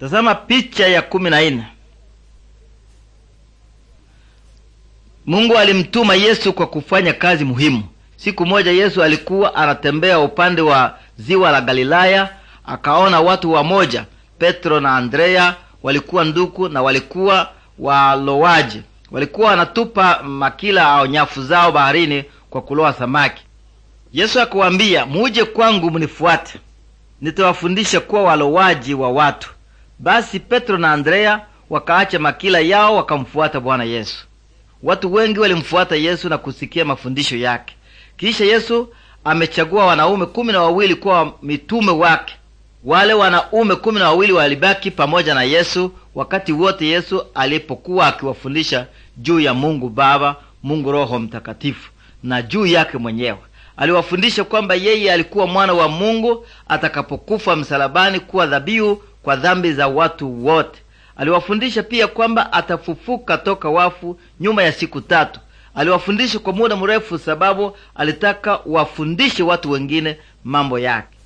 Tazama picha ya kumi na nne. Mungu alimtuma Yesu kwa kufanya kazi muhimu. Siku moja Yesu alikuwa anatembea upande wa ziwa la Galilaya, akaona watu wamoja, Petro na Andrea, walikuwa nduku na walikuwa walowaji. Walikuwa wanatupa makila au nyafu zao baharini kwa kuloa samaki. Yesu akawaambia, muje kwangu, mnifuate, nitawafundisha kuwa walowaji wa watu. Basi Petro na Andrea wakaacha makila yao wakamfuata Bwana Yesu. Watu wengi walimfuata Yesu na kusikia mafundisho yake. Kisha Yesu amechagua wanaume kumi na wawili kuwa mitume wake. Wale wanaume kumi na wawili walibaki pamoja na Yesu wakati wote Yesu alipokuwa akiwafundisha juu ya Mungu Baba, Mungu Roho Mtakatifu na juu yake mwenyewe. Aliwafundisha kwamba yeye alikuwa mwana wa Mungu atakapokufa msalabani kuwa dhabihu kwa dhambi za watu wote. Aliwafundisha pia kwamba atafufuka toka wafu nyuma ya siku tatu. Aliwafundisha kwa muda mrefu, sababu alitaka wafundishe watu wengine mambo yake.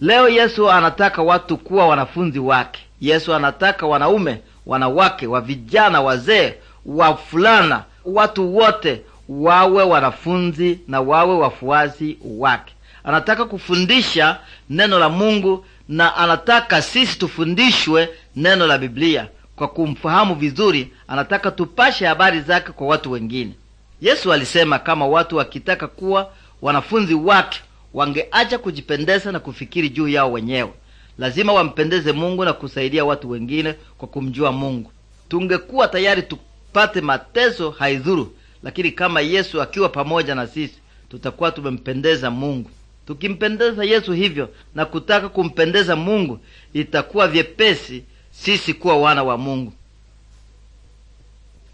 Leo Yesu anataka watu kuwa wanafunzi wake. Yesu anataka wanaume, wanawake, wa vijana, wazee, wavulana, watu wote wawe wanafunzi na wawe wafuasi wake. Anataka kufundisha neno la Mungu na anataka sisi tufundishwe neno la Biblia kwa kumfahamu vizuri. Anataka tupashe habari zake kwa watu wengine. Yesu alisema kama watu wakitaka kuwa wanafunzi wake wangeacha kujipendeza na kufikiri juu yao wenyewe. Lazima wampendeze Mungu na kusaidia watu wengine kwa kumjua Mungu. Tungekuwa tayari tupate mateso, haidhuru lakini kama Yesu akiwa pamoja na sisi tutakuwa tumempendeza Mungu. Tukimpendeza Yesu hivyo na kutaka kumpendeza Mungu, itakuwa vyepesi sisi kuwa wana wa Mungu.